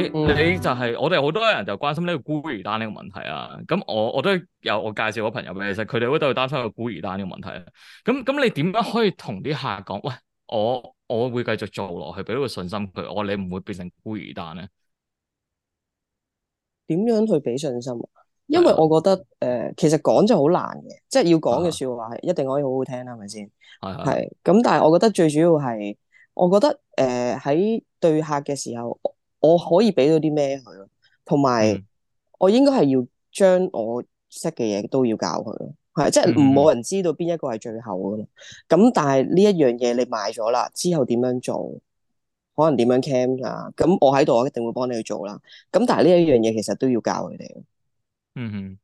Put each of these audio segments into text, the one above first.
你就係、是、我哋好多人就關心呢個孤兒單呢個問題啊！咁我我都有我介紹個朋友嘅，其實佢哋都都有擔心個孤兒單呢個問題。咁咁你點樣可以同啲客講？喂，我我會繼續做落去，俾到信心佢。我你唔會變成孤兒單咧？點樣去俾信心？因為我覺得誒是、啊呃，其實講就好難嘅，即係要講嘅説話係一定可以好好聽啦，係咪先？係咁但係我覺得最主要係，我覺得誒喺、呃、對客嘅時候。我可以俾到啲咩佢咯，同埋、嗯、我應該係要將我識嘅嘢都要教佢咯，係即係唔冇人知道邊一個係最後噶啦。咁但係呢一樣嘢你買咗啦，之後點樣做，可能點樣 cam 啊？咁我喺度我一定會幫你去做啦。咁但係呢一樣嘢其實都要教佢哋。嗯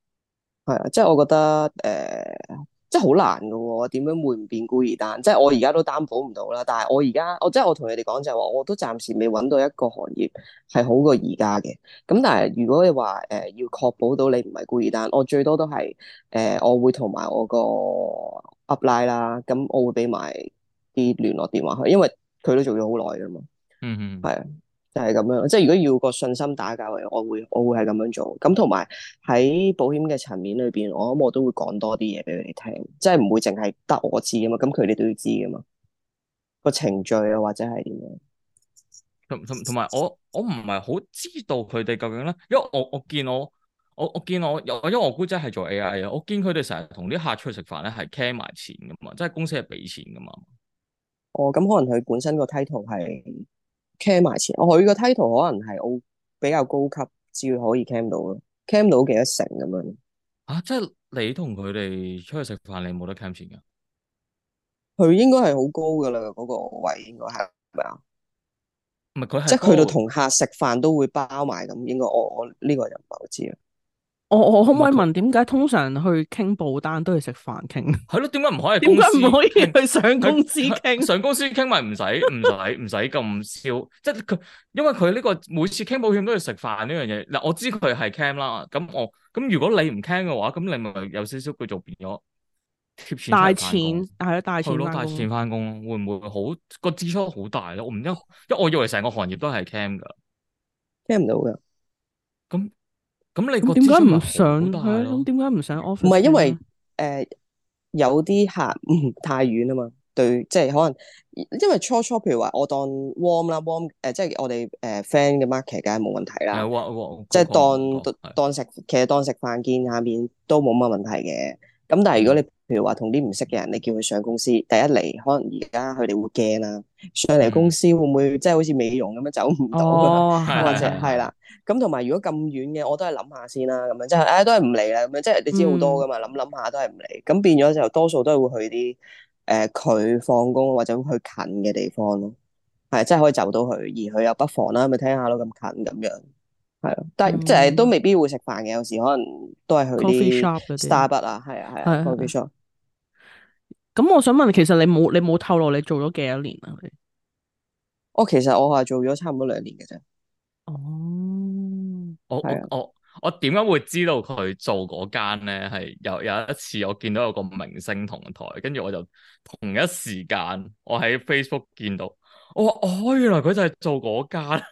哼，係啊，即係我覺得誒。呃真係好難嘅喎、哦，點樣會唔變孤兒單？即係我而家都擔保唔到啦。但係我而家，我即係我同你哋講就係話，我都暫時未揾到一個行業係好過而家嘅。咁但係如果、呃、你話誒要確保到你唔係孤兒單，我最多都係誒、呃，我會同埋我個 upline 啦、啊。咁我會俾埋啲聯絡電話佢，因為佢都做咗好耐嘅嘛。嗯嗯哼，係啊。就係咁樣，即係如果要個信心打夠嘅，我會我會係咁樣做。咁同埋喺保險嘅層面裏邊，我諗我都會講多啲嘢俾佢哋聽，即係唔會淨係得我知噶嘛。咁佢哋都要知噶嘛。個程序啊，或者係點樣？同同埋，我我唔係好知道佢哋究竟咧，因為我我見我我我見我有，因為我姑姐係做 AI 啊，我見佢哋成日同啲客出去食飯咧，係 claim 埋錢噶嘛，即係公司係俾錢噶嘛。哦，咁可能佢本身個 title 係。cam 埋錢，佢個 title 可能係好比較高級，先可以 cam 到咯，cam 到幾多成咁樣？啊，即係你同佢哋出去食飯，你冇得 cam 錢㗎？佢、啊、應該係好高㗎啦，嗰、那個位應該係咪啊？唔係，佢係即係佢到同客食飯都會包埋咁，應該我我呢個就唔係好知啦。我我可唔可以問點解通常去傾保單都要食飯傾？係咯，點解唔可以公司？點解唔可以去上公司傾？ 上公司傾咪唔使唔使唔使咁燒，即係佢因為佢呢個每次傾保險都要食飯呢樣嘢嗱，我知佢係 cam 啦，咁我咁如果你唔 cam 嘅話，咁你咪有少少佢做變咗貼錢上上大錢係咯，大錢翻工咯，會唔會好個支出好大咧？我唔因因我以為成個行業都係 cam 噶，cam 唔到噶，咁。咁你點解唔上？點解唔上 offer？唔係因為誒、呃、有啲客太遠啊嘛，對，即係可能因為初初譬如話我當 warm 啦 warm 誒、呃，就是、即係我哋誒 friend 嘅 market 梗係冇問題啦，即係當當食其實當食飯見下面都冇乜問題嘅。咁但係如果你譬如話同啲唔識嘅人，你叫佢上公司，第一嚟可能而家佢哋會驚啦。上嚟公司會唔會即係好似美容咁樣走唔到？或者係啦。咁同埋如果咁遠嘅，我都係諗下先啦。咁樣即係誒，都係唔嚟啦。咁樣即係你知好多㗎嘛，諗諗下都係唔嚟。咁變咗就多數都係會去啲誒佢放工或者去近嘅地方咯。係，即係可以走到佢，而佢又不妨啦，咪聽下咯。咁近咁樣係，但係即係都未必會食飯嘅。有時可能都係去啲 Starbucks 啊，係啊，係啊 coffee 咁我想問，其實你冇你冇透露你做咗幾多年啊？我、哦、其實我係做咗差唔多兩年嘅啫。哦，我的我我我點解會知道佢做嗰間咧？係有有一次我見到有個明星同台，跟住我就同一時間我喺 Facebook 見到，我話哦，原來佢就係做嗰間。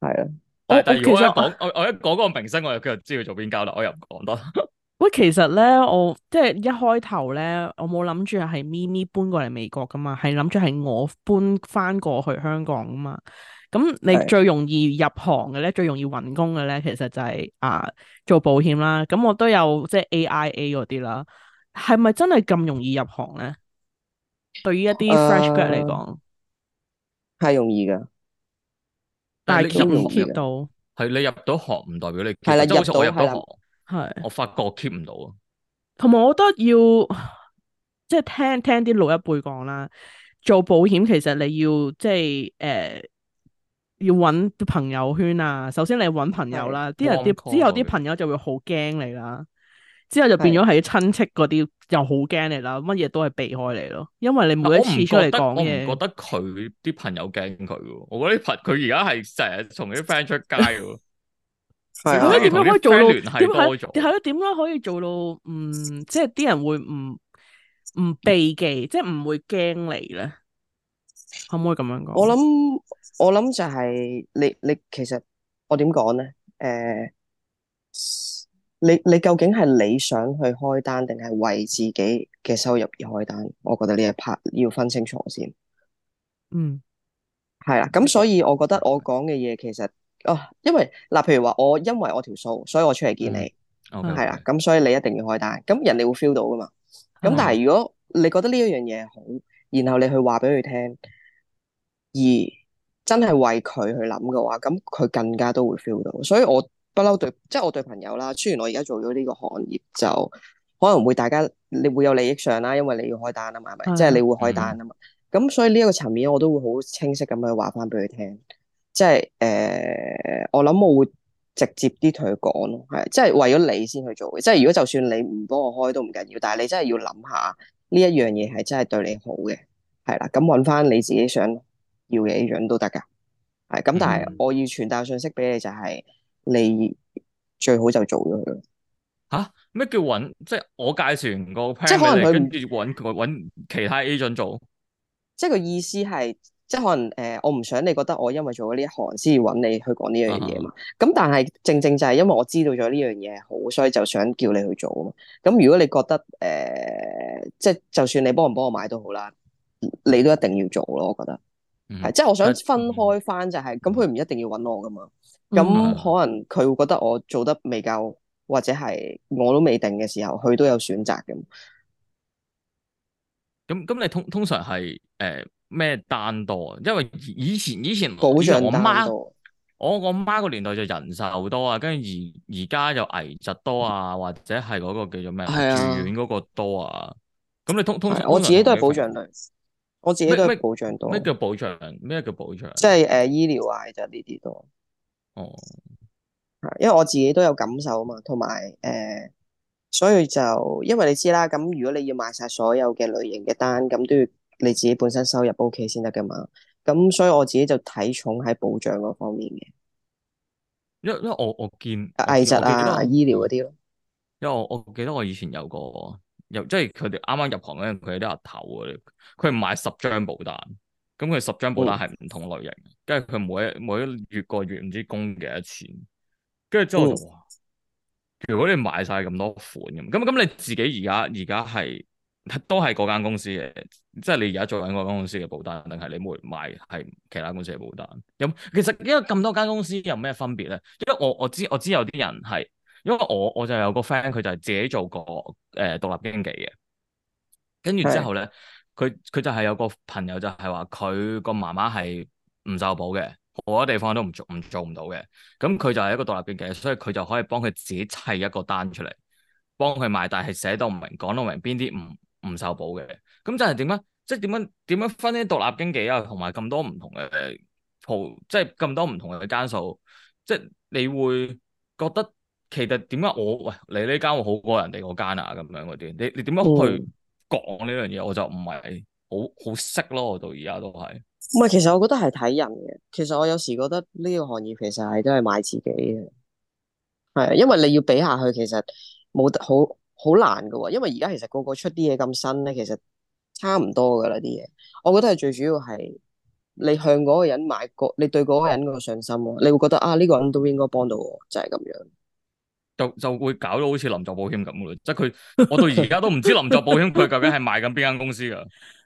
係啊 的， 但如果我一講、哦、我我一講嗰個明星，我又佢又知道做邊間啦，我又唔講得。 喂，其實咧，我即係一開頭咧，我冇諗住係 Mimi 搬過嚟美國噶嘛，係諗住係我搬翻過去香港噶嘛。咁你最容易入行嘅咧，的最容易揾工嘅咧，其實就係、是、啊做保險啦。咁、嗯、我都有即係 AIA 嗰啲啦。係咪真係咁容易入行咧？對於一啲 fresh grad 嚟講、呃，太容易噶，但係 keep 唔 keep 到？係你入到行唔代表你係啦，入我入到行。了係，是我發覺 keep 唔到啊。同埋，我覺得要即係、就是、聽聽啲老一輩講啦。做保險其實你要即係誒，要搵朋友圈啊。首先你搵朋友啦，啲對人啲之後啲朋友就會好驚你啦。之後就變咗係啲親戚嗰啲又好驚你啦，乜嘢都係避開你咯。因為你每一次出嚟講嘢，我唔覺得佢啲朋友驚佢。我覺得佢佢而家係成日同啲 friend 出街嘅。 咁點、啊、樣可以做到？點係咯？點樣、嗯、可，可以做到？唔，即係啲人會唔唔避忌，即係唔會驚你咧？可唔可以咁樣講？我諗、就是，我諗就係你，你其實我點講咧？誒、呃，你你究竟係你想去開單，定係為自己嘅收入而開單？我覺得呢一 part 要分清楚先。嗯，係啦、啊。咁所以我覺得我講嘅嘢其實。哦，oh, 因為嗱，譬如話我因為我條數，所以我出嚟見你，係啦 Okay, okay.，咁所以你一定要開單，咁人哋會 feel 到噶嘛。咁但係如果你覺得呢一樣嘢好，然後你去話俾佢聽，而真係為佢去諗嘅話，咁佢更加都會 feel 到。所以我不嬲對，即係我對朋友啦。雖然我而家做咗呢個行業，就可能會大家你會有利益上啦，因為你要開單啊嘛，係咪？即係、uh huh. 你會開單啊嘛。咁、uh huh. 所以呢一個層面，我都會好清晰咁樣話翻俾佢聽。即係誒、呃，我諗我會直接啲同佢講咯，係即係為咗你先去做嘅。即係如果就算你唔幫我開都唔緊要緊，但係你真係要諗下呢一樣嘢係真係對你好嘅，係啦。咁搵翻你自己想要嘅 agent 都得噶，係咁。但係我要傳達信息俾你就係、是、你最好就做咗佢。吓咩、啊、叫搵？即係我介紹唔個 p 即係可能佢搵搵其他 agent 做。即係個意思係。即係可能，誒、呃，我唔想你覺得我因為做咗呢一行先要揾你去講呢樣嘢嘛。咁、嗯、但係正正就係因為我知道咗呢樣嘢好，所以就想叫你去做嘛。咁如果你覺得，誒、呃，即係就算你幫唔幫我買都好啦，你都一定要做咯。我覺得係，即係我想分開翻就係、是，咁佢唔一定要揾我噶嘛。咁可能佢會覺得我做得未夠，或者係我都未定嘅時候，佢都有選擇嘅。咁咁、嗯，你通通常係誒？嗯嗯咩單多？因為以前以前，保障多，以前我媽很多 我我媽個年代就人壽多啊，跟住而而家就危疾多啊，或者係嗰個叫做咩住院嗰個多啊。咁是、啊、你通通常我自己都係保障類，我自己都係保障多。咩叫保障？咩叫保障？即係誒醫療啊，就呢啲多。哦，嗯、因為我自己都有感受啊嘛，同埋誒，所以就因為你知啦，咁如果你要買晒所有嘅類型嘅單，咁都要。你自己本身收入 OK 先得㗎嘛，咁所以我自己就睇重喺保障嗰方面嘅。因因為我我見危疾啊，啊，啊、醫療嗰啲咯。因為我我記得我以前有個，入即係佢哋啱啱入行嗰陣，佢有啲額頭喎，佢係買十張保單，咁佢十張保單係唔同類型，嘅、嗯，跟住佢每一每一月個月唔知供幾多錢，跟住之後，嗯、如果你買晒咁多款咁，咁咁你自己而家而家係。都係嗰間公司嘅，即係你而家做緊嗰間公司嘅保單，定係你會賣係其他公司嘅保單？咁其實因為咁多間公司，有咩分別咧？因為我我知我知有啲人係，因為我我就有個 friend，佢就係自己做過誒、呃、獨立經紀嘅。跟住之後咧，佢佢是就係有個朋友就係話，佢個媽媽係唔受保嘅，好多地方都唔做唔做唔到嘅。咁佢就係一個獨立經紀，所以佢就可以幫佢自己砌一個單出嚟，幫佢賣，但係寫到唔明，講到唔明邊啲唔。唔受保嘅，咁就係點啊？即係點樣點樣分呢？獨立經紀啊，同埋咁多唔同嘅鋪，即係咁多唔同嘅間數，即係你會覺得其實點解我喂你呢間會好過人哋嗰間啊？咁樣嗰啲，你你點樣去講呢樣嘢？我就唔係好好識咯，我到而家都係。唔係，其實我覺得係睇人嘅。其實我有時覺得呢個行業其實係都係賣自己嘅，係啊因為你要比下去，其實冇得好。好難噶喎，因為而家其實個個出啲嘢咁新咧，其實差唔多噶啦啲嘢。我覺得係最主要係你向嗰個人買個，你對嗰個人個信心咯，你會覺得啊，呢個人都應該幫到我，就係咁樣。就就會搞到好似林作保險咁嘅啦，即係佢，我到而家都唔知林作保險佢究竟係賣緊邊間公司噶。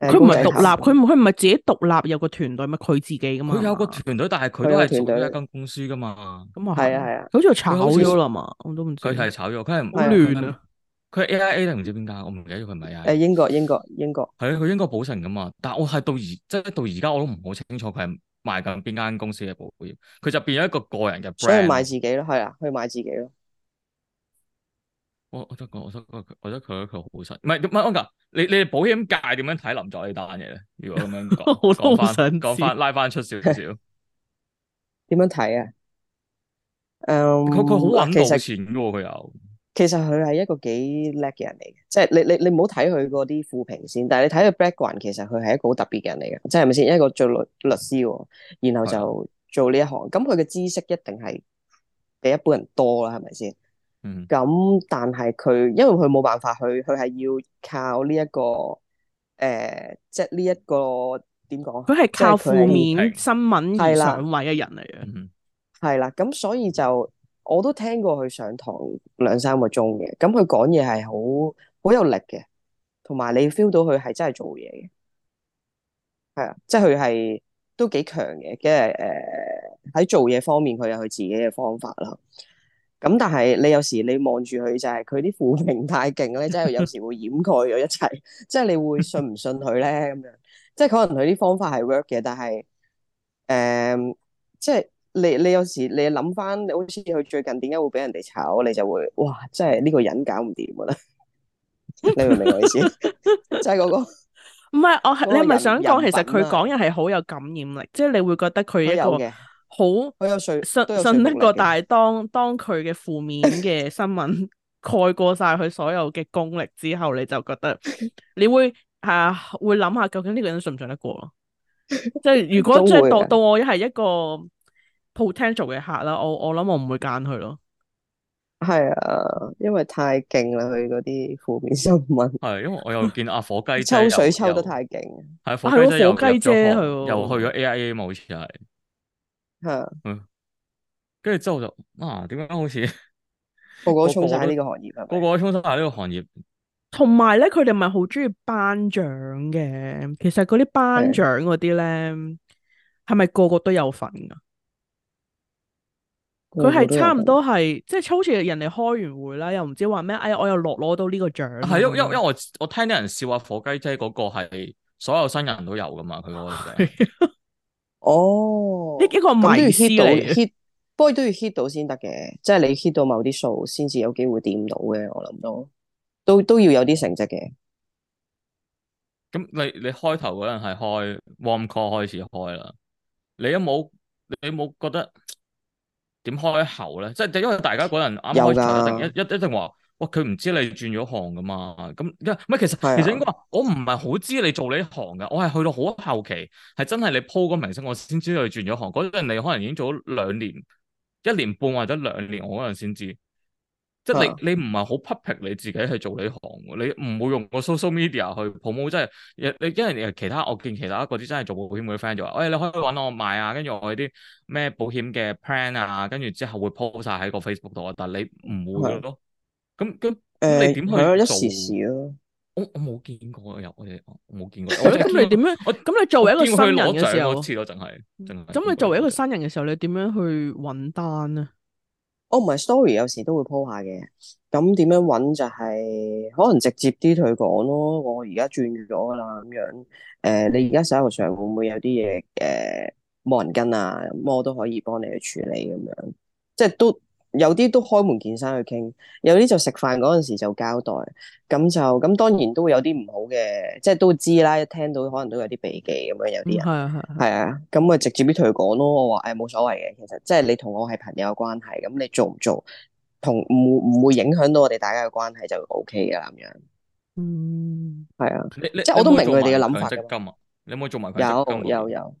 佢唔係獨立，佢唔佢唔係自己獨立有個團隊，咪佢自己噶嘛。佢有個團隊，但係佢都係做一間公司噶嘛。咁啊係啊係啊，啊好似炒咗啦嘛，我都唔知。佢係炒咗，佢係好亂啊。佢 A I A 定唔知邊家，我唔記得佢咪 A I A 誒，英國英國英國係啊，佢英國保誠噶嘛。但係我係到而即係到而家，我都唔好清楚佢係賣緊邊間公司嘅保險。佢就變咗一個個人嘅，所以賣自己咯，係啊，去賣自己咯。我我都講，我都我得佢佢好神，唔係唔係安格，你你哋保險界點樣睇林作呢單嘢咧？如果咁樣講，講翻講翻拉翻出少少，點樣睇啊？誒，um，佢佢好揾到錢噶，佢又，其實佢係一個幾叻嘅人嚟嘅，即係你你你唔好睇佢嗰啲負評先，但係你睇佢 black 環，其實佢係一個好特別嘅人嚟嘅，即係係咪先一個做律律師，然後就做呢一行，咁佢嘅知識一定係比一般人多啦，係咪先？咁，嗯、但係佢，因為佢冇辦法去，佢係要靠呢、這、一個，誒、呃，即係呢一個點講？佢係靠負面的新聞而上位嘅人嚟嘅，係啦的。咁、嗯、所以就我都聽過佢上堂兩三個鐘嘅，咁佢講嘢係好好有力嘅，同埋你 feel 到佢係真係做嘢嘅，係啊，即係佢係都幾強嘅，跟住誒喺做嘢方面，佢有佢自己嘅方法啦。咁但係你有時你望住佢就係佢啲負評太勁咧，即係有時會掩蓋咗一切，即係 你會信唔信佢咧咁樣？即係可能佢啲方法係 work 嘅，但係誒，即係你你有時你諗翻，好似佢最近點解會俾人哋炒，你就會哇，真係呢個人搞唔掂噶啦！ 你明唔明我意思？即係嗰個唔係我係你係咪想講？其實佢講嘢係好有感染力，啊、即係你會覺得佢有嘅。好，佢有，有信信信得過，但係當當佢嘅負面嘅新聞蓋過晒佢所有嘅功力之後，你就覺得你會吓、啊、會諗下究竟呢個人信唔信得過咯？ 即係如果即係到到我係一個 potential 嘅客啦，我我諗我唔會揀佢咯。係啊，因為太勁啦，佢嗰啲負面新聞係， 因為我又見阿火雞 抽水抽得太勁，係 火雞姐 又去咗 AIA 嘛，好似係。吓，跟住之後就，啊，點解好似個個都衝晒呢個行業，個個都衝晒呢個行業。同埋咧，佢哋咪好中意頒獎嘅，其實嗰啲頒獎嗰啲咧，係咪的個個都有份噶？佢係差唔多係，即係好似人哋開完會啦，又唔知話咩，哎呀，我又落攞到呢個獎。係因因因為我我聽啲人笑話，火雞姐嗰個係所有新人都有噶嘛，佢嗰個。 哦，呢呢、oh, 個迷思都要 hit 到，不過都要 hit 到先得嘅，即係你 hit 到某啲數，先至有機會掂到嘅。我諗都都都要有啲成績嘅。咁你你開頭嗰陣係開 warm call 開始開啦，你有冇你冇覺得點開口咧？即係因為大家嗰陣啱開有的一，一一一定話。哇！佢唔知你轉咗行噶嘛？咁唔係，其實其實應該話的我唔係好知你做呢行嘅。我係去到好後期，係真係你 po 嗰明星，我先知道你轉咗行。嗰陣你可能已經做咗兩年、一年半或者兩年，我可能先知。即係你的你唔係好匹 o 你自己去做呢行的，你唔會用個 social media 去 promo，即係你因為其他我見其他嗰啲真係做保險嗰啲 friend 就話：哎，你可以去揾我買啊！跟住我啲咩保險嘅 plan 啊，跟住之後會 p 晒喺個 Facebook 度。但係你唔會咯。咁咁，嗯、你點去做？一時時咯，我我冇見過有，我我冇見過。咁 你點樣？咁我你作為一個新人嘅時候，咁你作為一個新人嘅時候，你點樣去搵單啊？我唔係，story 有時都會鋪下嘅。咁點樣搵就係、是、可能直接啲推廣咯。我而家轉咗噶啦，咁樣。誒、呃，你而家手頭上會唔會有啲嘢？誒、呃，冇人跟啊，咁我都可以幫你去處理咁樣，即係都。有啲都開門見山去傾，有啲就食飯嗰陣時就交代，咁就咁當然都會有啲唔好嘅，即係都知啦。一聽到可能都有啲避忌咁樣，有啲人係啊係啊，咁咪直接啲同佢講咯。我話誒冇所謂嘅，其實即係你同我係朋友嘅關係，咁你做唔做同唔唔會影響到我哋大家嘅關係就 O K 噶啦咁樣。嗯，係啊，即係我都明佢哋嘅諗法。強積金啊，你有冇做埋強積金？有有有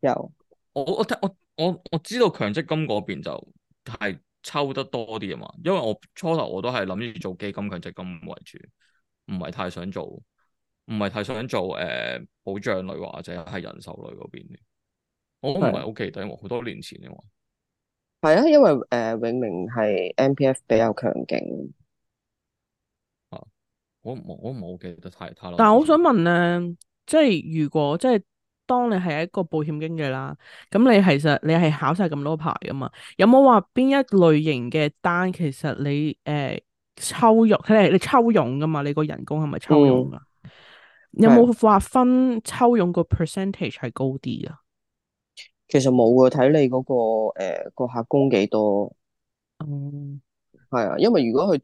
有。我我我我我知道強積金嗰邊就係。抽得多啲啊嘛，因為我初頭我都係諗住做基金、強積金為主，唔係太想做，唔係太想做誒、呃、保障類或者係人壽類嗰邊我唔係好記得，因為好多年前啊嘛。係啊，因為誒、呃、永明係 MPF 比較強勁啊，我唔我唔好記得太太，啦。但係我想問咧，即係如果即係。當你係一個保險經紀啦，咁你其實你係考晒咁多牌噶嘛？有冇話邊一類型嘅單其實你誒、呃、抽佣，你你抽佣噶嘛？你個人工係咪抽佣噶？嗯、有冇劃分抽佣個 percentage 係高啲啊？其實冇噶，睇你嗰、嗰個誒個、呃、客供幾多。嗯，係啊，因為如果佢。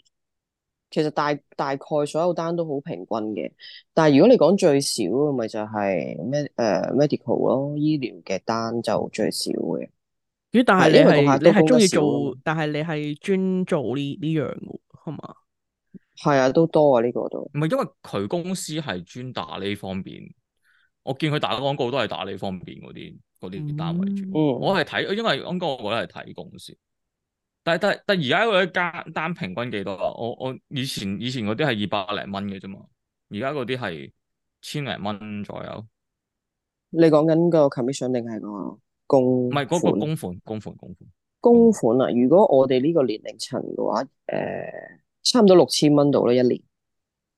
其實大大概所有單都好平均嘅，但係如果你講最少咪就係、是 med, 呃、medical 咯，醫療嘅單就最少嘅。咦？但係你係你係中意做，但係你係專做呢呢樣噶，係嘛、嗯？係吧啊，都多啊，呢、這個都唔係，因為佢公司係專打呢方面，我見佢打廣告都係打呢方面嗰啲嗰啲單位、嗯、我係睇，因為啱啱我覺得係睇公司。但係但係但係而家佢單平均幾多啊？我我以前以前嗰啲係二百零蚊嘅啫嘛，而家嗰啲係千零蚊左右。你講緊個 commission 定係、那個供？唔係嗰個供款，供、那個、款，供款，供款。供款啊！如果我哋呢個年齡層嘅話，誒、欸，差唔多六千蚊到啦，一年。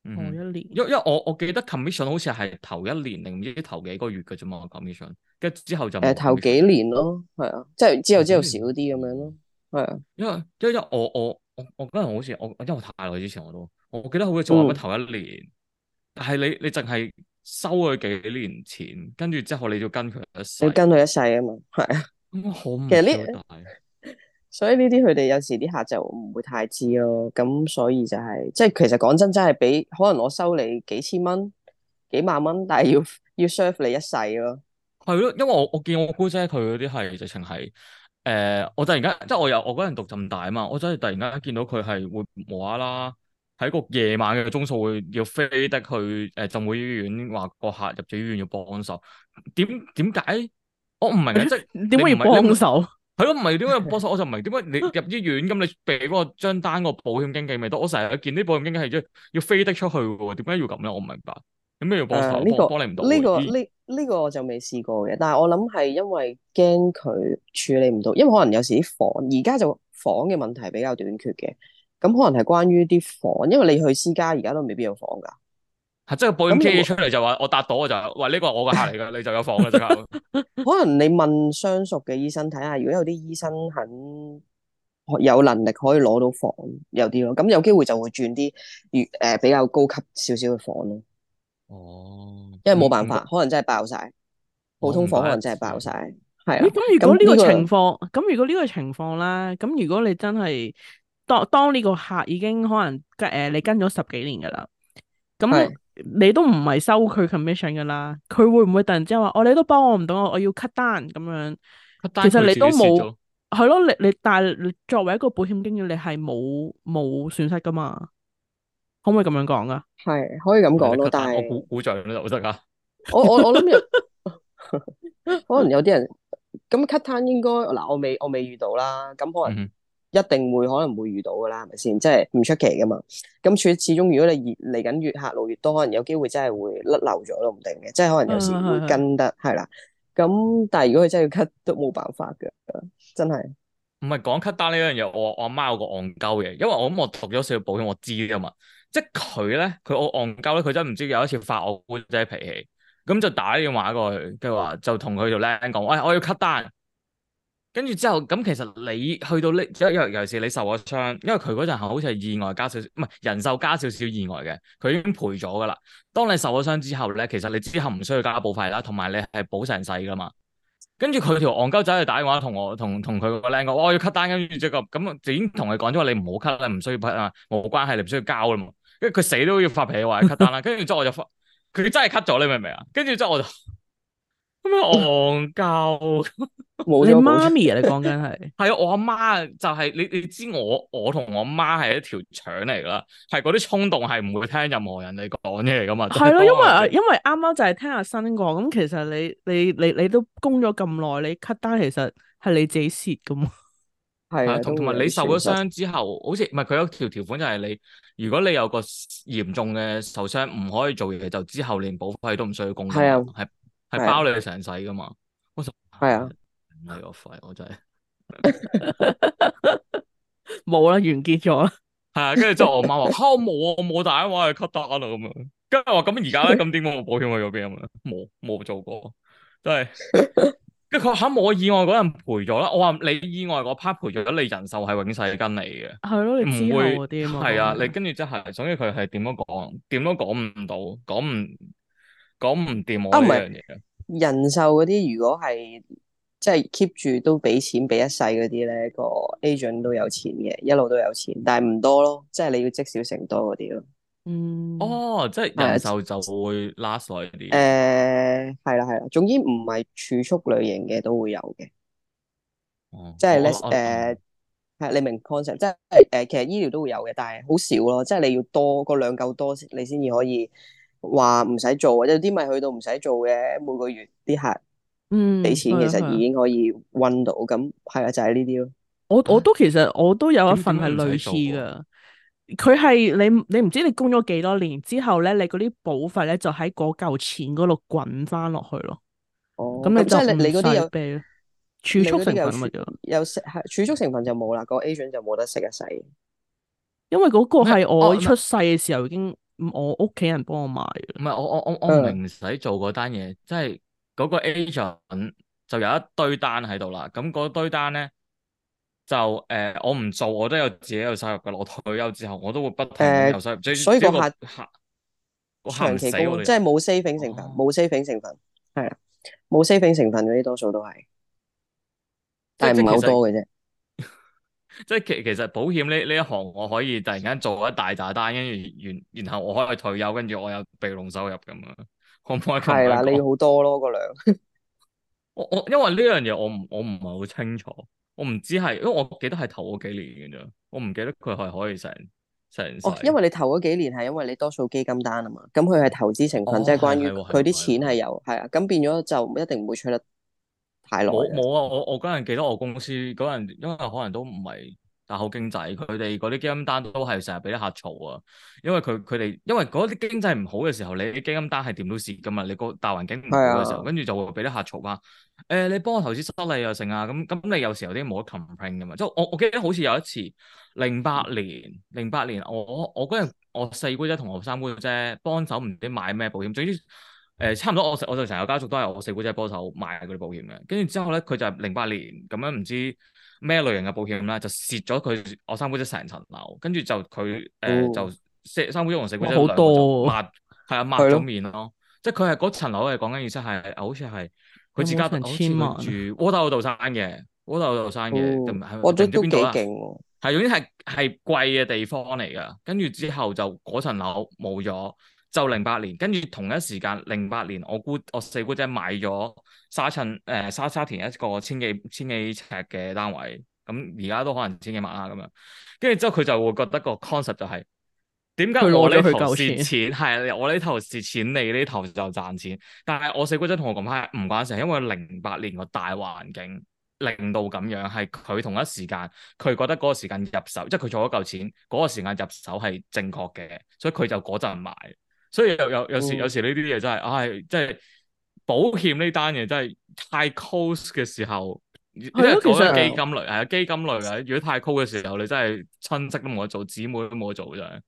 嗯。我一年。因因為我我記得 commission 好似係頭一年定唔知頭幾個月嘅啫嘛 commission，跟之後就誒、欸、頭幾年咯，係啊，即係之後之後少啲咁樣咯。嗯。係啊，因為因為因為我我我我嗰陣好似我因為太耐之前我都，我記得好似做咗頭一年，嗯、但係你你淨係收佢幾年錢，跟住之後你跟要跟佢一世，要跟佢一世啊嘛，係啊，咁啊好。其實呢這， 所以呢啲佢哋有時啲客就唔會太知咯，咁所以就係、是、即係其實講真的真係俾可能我收你幾千蚊幾萬蚊，但係要要 serve 你一世咯。係咯，因為我我見我姑姐佢嗰啲係直情係。就是誒、呃，我突然間，即係我又我嗰陣讀浸大啊嘛，我真係突然間一見到佢係會無啦啦喺個夜晚嘅鐘數會要飛的去誒浸、呃、會醫院，話個客入咗醫院要幫手。點點解？我唔明即係點解要幫手？係咯，唔係點解要幫手？ 我就唔明點解你入醫院咁，你俾嗰個張單個保險經紀咪得？我成日都見啲保險經紀係要要飛的出去喎，點解要咁咧？我唔明白。有咩、那個、要幫手？幫幫、呃、你唔到。呢個呢？呢個我就未試過嘅，但係我諗係因為驚佢處理唔到，因為可能有時啲房而家就房嘅問題比較短缺嘅，咁可能係關於啲房，因為你去私家而家都未必有房噶，係、啊、即係保險機出嚟就話我答到，我就話呢你、呢個我嘅客嚟噶， 你就有房啦， 可能你問相熟嘅醫生睇下，看看如果有啲醫生肯有能力可以攞到房有啲咯，咁有機會就會轉啲越誒比較高級少少嘅房咯。哦，因為冇辦法，嗯、可能真係爆晒，嗯、普通房可能真係爆晒，係、嗯、啊。咁如果呢個情況，咁如果呢個情況咧，咁如果你真係當當呢個客已經可能誒、呃，你跟咗十幾年噶啦，咁你都唔係收佢 commission 噶啦，佢是會唔會突然之間話哦，你都幫我唔到我，我要 cut 單咁樣？Cut down 其實你都冇，係咯、啊，你你但係作為一個保險經紀，你係冇冇損失噶嘛？可唔可以咁樣講啊？係可以咁講咯，但係是我估估象咧就唔得噶。我我我諗 可能有啲人咁 cut 單應該嗱，我未我未遇到啦。咁可能一定會可能會遇到噶啦，係咪先？即係唔出奇噶嘛。咁處始終如果你嚟緊越客路越多，可能有機會真係會甩漏咗都唔定嘅。即係可能有時會跟得係、啊、啦。咁但係如果佢真係要 cut 都冇辦法嘅，真係。唔係講 cut 單呢樣嘢，我我阿媽有個戇鳩嘅，因為我諗我讀咗少少保險，我知噶嘛。即係佢咧，佢我戇鳩咧，佢真係唔知有一次發我姑姐脾氣，咁就打電話過去，跟住話就同佢條僆講，喂、哎，我要 cut 單。跟住之後，咁其實你去到呢，因為尤其是你受咗傷，因為佢嗰陣好似係意外加少少，唔係人壽加少少意外嘅，佢已經賠咗噶啦。當你受咗傷之後咧，其實你之後唔需要交保費啦，同埋你係保成世噶嘛。跟住佢條戇鳩仔去打電話同我同同佢個僆講，哎，我要 cut 單。跟住即後咁就已經同佢講咗話，你唔好 cut 啦，唔需要 cut 啊，冇關係，你唔需，需要交啦。跟住佢死都要發脾氣話 cut 單啦，跟住之後我就發，佢真係 cut 咗你明唔明啊？跟住之後我就咁樣戇鳩， 你媽咪啊！你講緊係，係啊，我阿媽就係、是、你，你知我，我同我阿媽係一條腸嚟噶啦，係嗰啲衝動係唔會聽任何人嚟講嘢嘅咁啊！係咯，因為因為啱啱就係聽阿新講，咁其實你你你你都供咗咁耐，你 cut 單其實係你自己蝕嘅嘛，係啊，同同埋你受咗傷之後，好似唔係佢有條條款就係你。如果你有個嚴重嘅受傷，唔可以做嘢，就之後連保費都唔需要供，係啊，係 係樂包你去成世噶嘛，我係啊，呢個費我真係冇啦，完結咗啦。係 啊，跟住就我媽、oh, 話：哈，我冇啊，我冇打電話啊，我去 cut down 啊，咁樣。跟住我話：咁而家咧，咁點解我保險去咗邊啊？冇冇做過，真係。 佢肯嚇，我意外嗰人賠咗啦。我話你意外嗰 part 賠咗，你人壽係永世跟你嘅，係咯，唔 會係啊。你跟住即係，總之佢係點樣講，點都講唔到，講唔講唔掂我呢樣嘢。人壽嗰啲如果係即係 keep 住都俾錢俾一世嗰啲咧，個 agent 都有錢嘅，一路都有錢，但係唔多咯，即係你要積少成多嗰啲咯。嗯，哦，即係人壽就會拉細啲，誒年，係啦係啦，總之唔係儲蓄類型嘅都會有嘅，即係咧，誒，係你明 concept，即係誒，其實醫療都會有嘅，但係好少咯，即係你要多個兩嚿多，你先至可以話唔使做，或者啲咪去到唔使做嘅，每個月啲客，嗯，俾錢其實已經可以揾到，咁係啦，就係呢啲咯。我我都其實我都有一份係類似噶。 佢係你你唔知你供咗幾多年之後咧，你嗰啲保費咧就喺嗰嚿錢嗰度滾翻落去咯。哦，咁你即係、哦嗯就是、你嗰啲有儲蓄成分有，有係儲蓄成分就冇啦。嗰個 agent 就冇得食一世。因為嗰個係我出世嘅時候已經我屋企人幫我買。唔係我我我我唔使做嗰單嘢，即係嗰個 agent 就有一堆單喺度啦。咁嗰堆單咧。就誒、呃，我唔做，我都有自己有收入嘅。我退休之後，我都會不停有收入。呃、就所以到下下長期都即係冇 saving 成分，冇 saving 成分係啦，冇、哦、saving、啊、成分嗰啲多數都係，但係唔係好多嘅啫。即係其實即其實保險呢呢一行，我可以突然間做一大紮單，跟住完然後我可以退休，跟住我有被動收入咁啊。可唔可以係啦，你好多咯，嗰兩我我因為呢樣嘢，我唔我唔係好清楚。 我唔知係，因為我記得係投過幾年嘅啫，我唔記得佢係可以成成。整整哦，因為你投過幾年係因為你多數基金單啊嘛，咁佢係投資成分，哦、即係關於佢啲錢係有，係啊的，咁變咗就一定唔會出得太耐。冇冇啊，我我嗰陣記得我公司嗰陣，因為可能都唔係。但好經濟，佢哋嗰啲基金單都係成日俾啲客嘈啊！因為佢佢哋，因為嗰啲經濟唔好嘅時候，你基金單係點都蝕噶嘛。你個大環境唔好嘅時候，跟住就會俾啲客嘈啊。誒的、欸，你幫我投資失利又成啊！咁咁，你有時候啲冇得 complain 噶嘛？即係我我記得好似有一次零八年，零八年我我嗰陣我，我四姑姐同我三姑姐幫手唔知買咩保險，總之誒、呃、差唔多我。我我就成個家族都係我四姑姐幫手買嗰啲保險嘅。跟住之後咧，佢就係零八年咁樣唔知，咩類型嘅保險咧，就蝕咗佢我三姑姐成層樓，跟住就佢誒、哦呃、就三姑姐同四姑姐、哦、好多、哦抹，抹係啊抹咗面咯，的即係佢係嗰層樓係講緊意思係好似係佢自家住窩頭道山嘅，窩打老道山嘅，唔係喎，哇！都幾勁係總之係係貴嘅地方嚟噶，跟住之後就嗰層樓冇咗，就零八年，跟住同一時間零八年，我估我四姑姐買咗。沙襯誒、呃、沙沙田一個千幾千幾尺嘅單位，咁而家都可能千幾萬啦咁樣，跟住之後佢就會覺得個 concept 就係點解我呢頭蝕錢，係我呢頭蝕錢，你呢頭就賺錢。但係我四嗰陣同我講，唔關事，因為零八年個大環境令到咁樣，係佢同一時間佢覺得嗰個時間入手，即係佢做咗嚿錢嗰、那個時間入手係正確嘅，所以佢就嗰陣買。所以有有有時有時呢啲嘢真係，唉、哎，真係。保險呢單嘢真係太 close 嘅時候，因為講緊基金類，係啊基金類啊。如果太 close 嘅時候，你真係親戚都冇得做，姊妹都冇得做，真係是。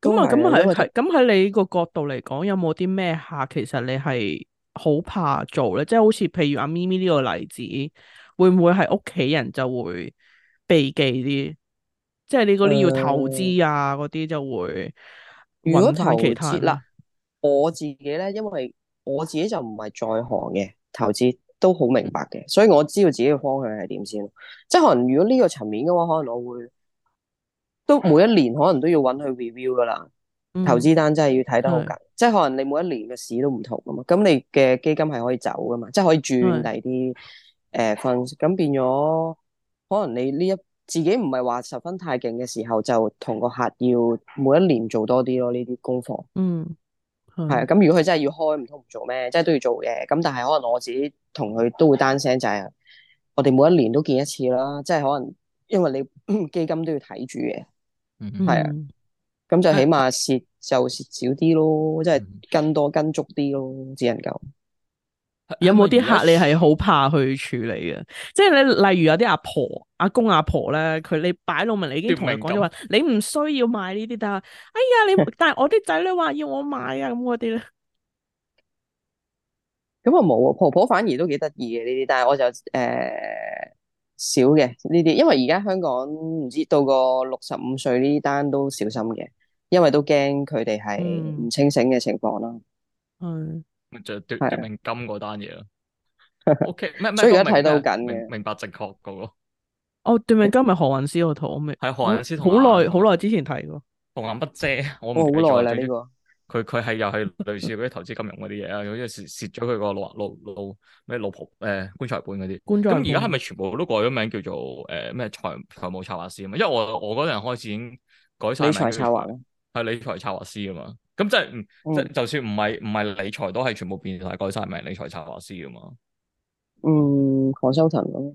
咁啊是，咁係，咁喺你個角度嚟講，有冇啲咩客人？其實你係好怕做咧？即係好似譬如阿咪咪呢個例子，會唔會係屋企人就會避忌啲？即係你嗰啲要投資啊，嗰啲就會、嗯。如果太其他。我自己咧，因為我自己就唔係在行嘅投資，都好明白嘅，所以我知道自己嘅方向係點先。即係可能如果呢個層面嘅話，可能我會都每一年可能都要揾佢 review 噶啦。投資單真係要睇得好緊。Mm hmm. 即係可能你每一年嘅市都唔同啊嘛，咁你嘅基金係可以走噶嘛，即係可以轉第二啲誒份咁變咗。可能你呢一自己唔係話十分太勁嘅時候，就同個客要每一年做多啲咯呢啲功課。嗯、mm。Hmm. 係啊，咁如果佢真係要開，唔通唔做咩？即係都要做嘅。咁但係可能我自己同佢都會單聲，就係，就係我哋每一年都見一次啦。即係可能因為你 基金都要睇住嘅，係啊、mm。咁、hmm. 就起碼蝕就蝕少啲咯，即係、mm hmm. 跟多跟足啲咯，只能夠。有冇啲客你係好怕去處理嘅？即係你例如有啲阿婆、阿公、阿婆咧，佢你擺到明，你已經同佢講咗話，捉命 你唔需要買呢啲。但係，哎呀，你但係我啲仔女話要我買啊，咁嗰啲咧。咁 我冇啊，婆婆反而都幾得意嘅呢啲，但係我就誒少嘅呢啲，因為而家香港唔知到個六十五歲呢單都小心嘅，因為都驚佢哋係唔清醒嘅情況啦。係、嗯。嗯就奪奪命金嗰單嘢啦，O K，咩咩？而家睇到緊嘅，明白正確個咯。哦，奪命金咪何韻詩套？圖，係何韻詩同好耐好耐之前睇過。紅顏不遮，不遮哦、我冇耐啦呢個。佢佢係又係類似嗰啲投資金融嗰啲嘢啊，好似蝕蝕咗佢個老老老咩老婆誒、呃、棺材本嗰啲。咁而家係咪全部都改咗名叫做誒咩財財務策劃師啊？因為我我嗰陣開始已經改晒理財策劃咧，係理財策劃師啊嘛。咁真係唔就算唔係唔係理財都係全部變曬改晒名理財策劃師啊嘛。嗯，何修騰咯。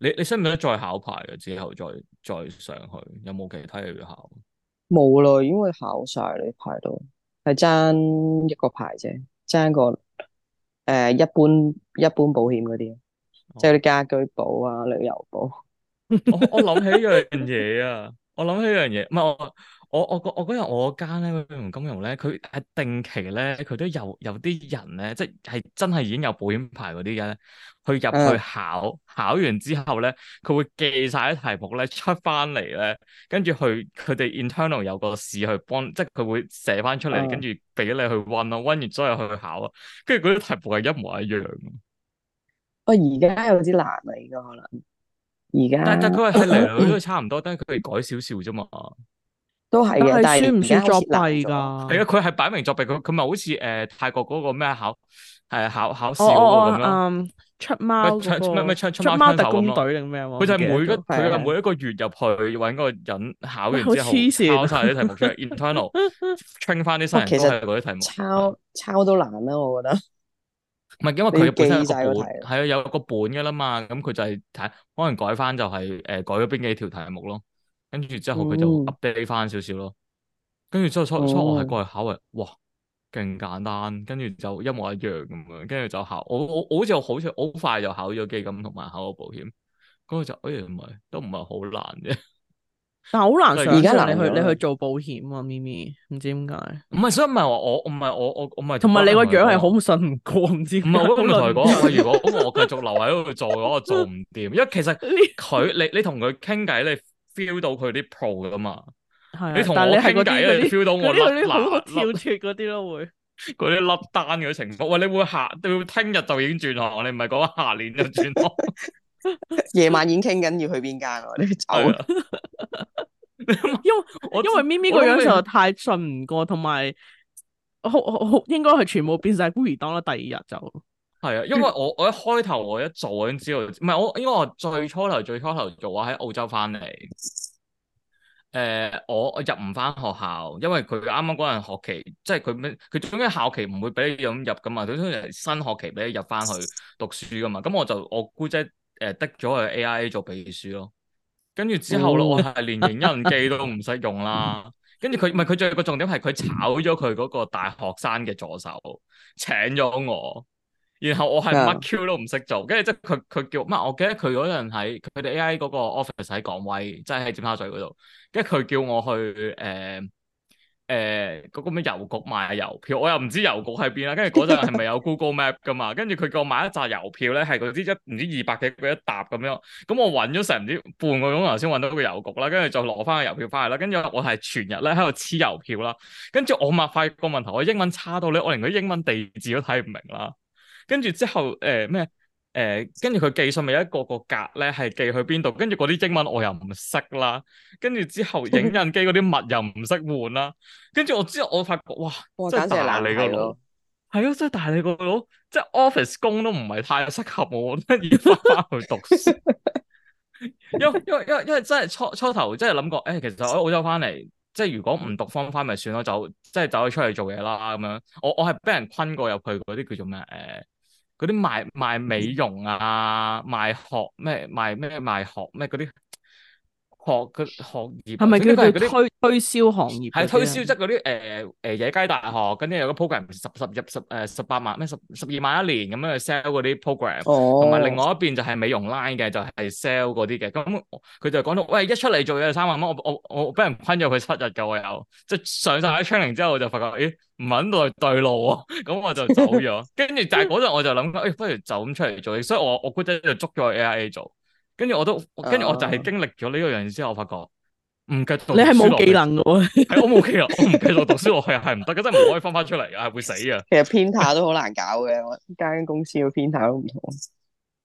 你你識唔識再考牌啊？之後再再上去，有冇其他嘢要考？冇咯，已經會考晒。你牌都係爭一個牌啫，爭個誒、呃、一般一般保險嗰啲，哦、即係啲家居保啊、旅遊保。 我我諗起一樣嘢啊！我諗起一樣嘢，唔係我。我我我嗰日我間咧金融，金融咧，佢係定期咧，佢都有有啲人咧，即係真係已經有保險牌嗰啲嘅，去入去考，啊、考完之後咧，佢會記晒啲題目咧出翻嚟咧，跟住去佢哋 internal 有個試去幫，即係佢會寫翻出嚟，跟住俾你去温咯，温完之後去考啊。跟住嗰啲題目係一模一樣。我而家有啲難嚟㗎，可能而家，但係佢係嚟嚟去去差唔多，但係佢改少少啫嘛。都係，但係算唔算作弊噶？係啊，佢係擺明作弊，佢佢咪好似誒泰國嗰個咩考誒考考試咁咯？嗯，出貓出咩咩出出貓特工隊定咩？佢就係每個佢每一個月入去搵個人考完之後，考晒啲題目出嚟 internal train 翻啲新人都係嗰啲題目。抄抄都難啦，我覺得。唔係，因為佢本身係啊，有個本噶啦嘛，咁佢就係睇可能改翻就係誒改咗邊幾條題目咯。跟住之後佢就 update 翻少少咯，跟住初初初，初我係過去考嘅，哇，勁簡單，跟住就一模一樣咁樣，跟住就考我我，我好似好似好快就考咗基金同埋考咗保險，嗰個就哎呀唔係，都唔係好難啫。但係好難。而家嗱你去你去做保險啊咪咪，唔知點解？唔係所以唔係話我，唔係我我唔係同埋你個樣係好信唔過，唔知唔係咁個台如果如果我繼續留喺度做嗰個做唔掂，因為其實佢你你同佢傾偈你。你 feel 到佢啲 pro 噶嘛？啊、你同跟我傾偈都 feel 到我甩，跳脫嗰啲咯，會嗰啲粒單嘅情況。喂，你會下到聽日就已經轉行，你唔係講下年就轉行？夜 晚已經傾緊要去邊間，你走是、啊？ 因為因為咪咪個樣實在太信唔過，同埋好好應該係全部變晒孤兒當啦。第二日就。係啊，因為我我一開頭我一做我已經知道，唔係我，因為我最初頭最初頭做我喺澳洲翻嚟，誒、呃，我入唔翻學校，因為佢啱啱嗰陣學期，即係佢咩佢總嘅校期唔會俾你咁入噶嘛，佢通常新學期俾你入翻去讀書噶嘛。咁我就我姑姐誒滴咗去 A I A 做秘書咯，跟住之後咯， 我係連影印機都唔識用，用啦。跟住佢唔係佢最個重點係佢炒咗佢嗰個大學生嘅助手，請咗我。然後我係乜 Q 都唔識做，跟住即係佢佢叫咩？我記得佢嗰陣喺佢哋 A I 嗰個 office 喺港威，即係喺尖沙咀嗰度。跟住佢叫我去誒誒嗰個咩郵局買下郵票，我又唔知郵局喺邊啦。跟住嗰陣係咪有 Google Map 噶嘛？跟住佢叫我買一紮郵票咧，係嗰啲一唔知二百幾嗰一沓咁樣。咁我搵咗成唔知半個鐘頭先搵到個郵局啦，跟住就攞翻個郵票翻嚟啦。跟住我係全日咧喺度黐郵票啦，跟住我擘快個問題，我英文差到咧，我連佢英文地址都睇唔明啦。跟住之後，誒、欸、咩？誒跟住佢寄信咪一個個格咧，係寄去邊度？跟住嗰啲英文我又唔識啦。跟住之後，影印機嗰啲物又唔識換啦。跟住我之後，我發覺哇，哇真係大你個腦，係咯、啊，真係大你個腦。即、就、係、是、office 工都唔係太適合我， 要翻去讀。因因為因為因為真係初初頭真係諗過，誒、欸，其實喺澳洲翻嚟，即係如果唔讀方翻咪算咯，走即係走咗出嚟做嘢啦咁樣。我我係俾人困過入去嗰啲叫做咩誒？嗰啲賣賣美容啊，賣學咩賣咩賣學咩嗰啲。學嘅行業係咪叫佢嗰啲推推銷行業？係推銷，即係嗰啲誒誒野雞大學，跟住有個 program m, 十十入十誒十八萬咩十十二萬一年咁樣去 sell 嗰啲 program，同埋，哦、另外一邊就係美容 line 嘅就係 sell 嗰啲嘅，咁佢就講到喂，一出嚟做嘢三萬蚊，我我我俾人昆咗佢七日噶我有，即係上晒 training 之後我就發覺，咦唔係喺度對路啊，咁我就走咗，跟住就係嗰陣我就諗誒、哎、不如就咁出嚟做嘢。」所以我所以我姑姐就捉咗我 A I A 做。跟住我都，跟住我就係經歷咗呢個樣之後，我發覺唔繼續。你係冇技能嘅喎，我冇技能。我唔繼續讀書落去，係唔得嘅，真係唔可以翻返出嚟，係會死 啊！其實 printer 都好難搞嘅，我間公司嘅 printer 都唔同。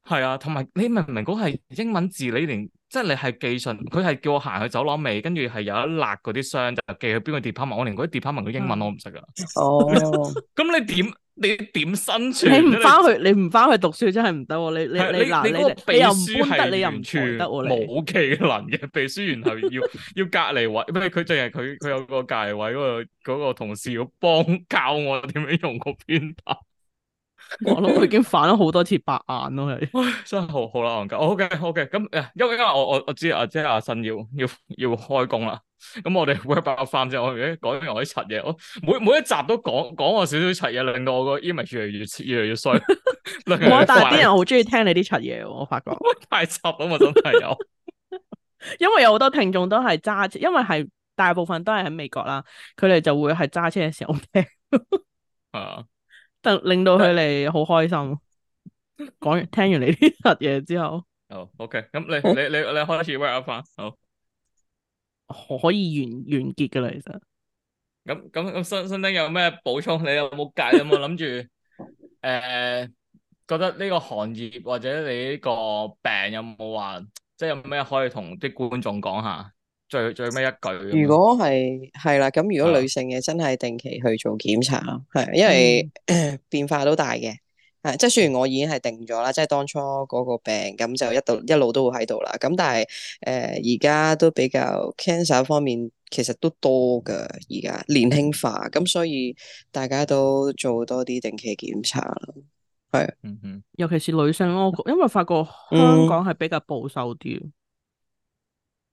係啊，同埋你明唔明嗰係英文字？你連即係、就是、你係寄信，佢係叫我行去走廊尾，跟住係有一粒嗰啲箱就寄去邊個 department。我連嗰啲 department 嘅英文、嗯、我唔識啊。哦，咁 你點？你點生存？你唔翻去，你唔翻去讀書真係唔得。啊、你你你難，你你又唔搬得，你又唔存得。冇技能嘅秘書，你秘書然後要 要隔離位，唔係佢淨係佢佢有個隔離位嗰、嗰個、嗰個同事要幫教我點樣用個編碼。 我諗佢已經反咗好多次白眼咯， 真係好好啦，憨狗。OK，OK，OK, OK, 咁因為因為我我我知即阿姐呀新要要要開工啦，咁我哋 work by 翻先。我而家講完我啲柒嘢，我每每一集都講講我少少柒嘢，令到我個 image 越嚟越越嚟越衰。哇！ 但係啲人好中意聽你啲柒嘢，我發覺太雜啦，我真係有， 因有，因為有好多聽眾都係揸，因為係大部分都係喺美國啦，佢哋就會係揸車嘅時候聽。啊。 令令到佢哋好開心，講聽完完你呢集嘢之後，哦、oh, OK，咁你好你你你開始 work 翻，好可以完完結噶啦，其實咁咁咁新新丁有咩補充？你有冇計有冇諗住？誒、 呃，覺得呢個行業或者你呢個病有冇話，即、就、係、是、有冇咩可以同啲觀眾講下？最最尾一句。如果係係啦，咁如果女性嘅的真係定期去做檢查，係的因為、嗯、 變化都大嘅，係即係雖然我已經係定咗啦，即係當初嗰個病咁就一度一路都會喺度啦。咁但係誒而家都比較 cancer 方面，其實都多噶，而家年輕化，咁所以大家都做多啲定期檢查啦。係，嗯嗯，尤其是女性咯，因為發覺香港係比較保守啲。嗯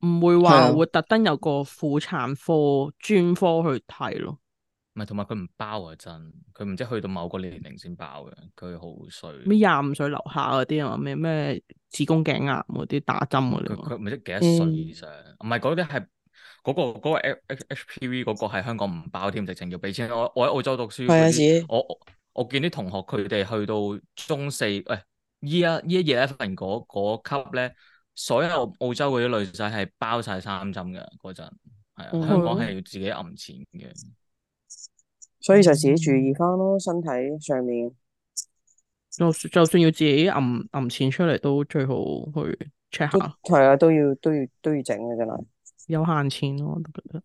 唔會話會特登有個婦產科專科去睇咯。唔係，同埋佢唔包啊！真，佢唔知去到某個年齡先包嘅，佢好衰。咩廿五歲樓下嗰啲啊？咩咩子宮頸癌嗰啲打針嘅咧？佢唔知幾多歲以上，唔係嗰啲係嗰個嗰、嗰個 H H P V 嗰個係香港唔包添，直情要俾錢。我我喺澳洲讀書，的我我我見啲同學佢哋去到中四，喂、哎，依家依一 year level 嗰級咧。所有澳洲嗰啲女仔係包晒三針嘅嗰陣，係啊，嗯哼，香港係要自己揞錢嘅，所以就自己注意翻咯，身體上面就就算要自己揞揞錢出嚟，都最好去 check 下，係啊，都要都要都要整嘅真係。有限錢我都覺得。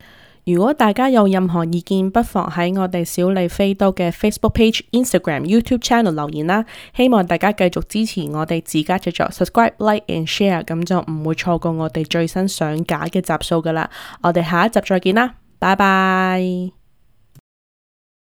如果大家有任何意見，不妨喺我哋小李飛刀嘅 Facebook page、Instagram、YouTube channel 留言啦。希望大家繼續支持我哋自家製作，subscribe、like and share，咁就唔會錯過我哋最新上架嘅集數噶啦。我哋下一集再見啦，拜拜。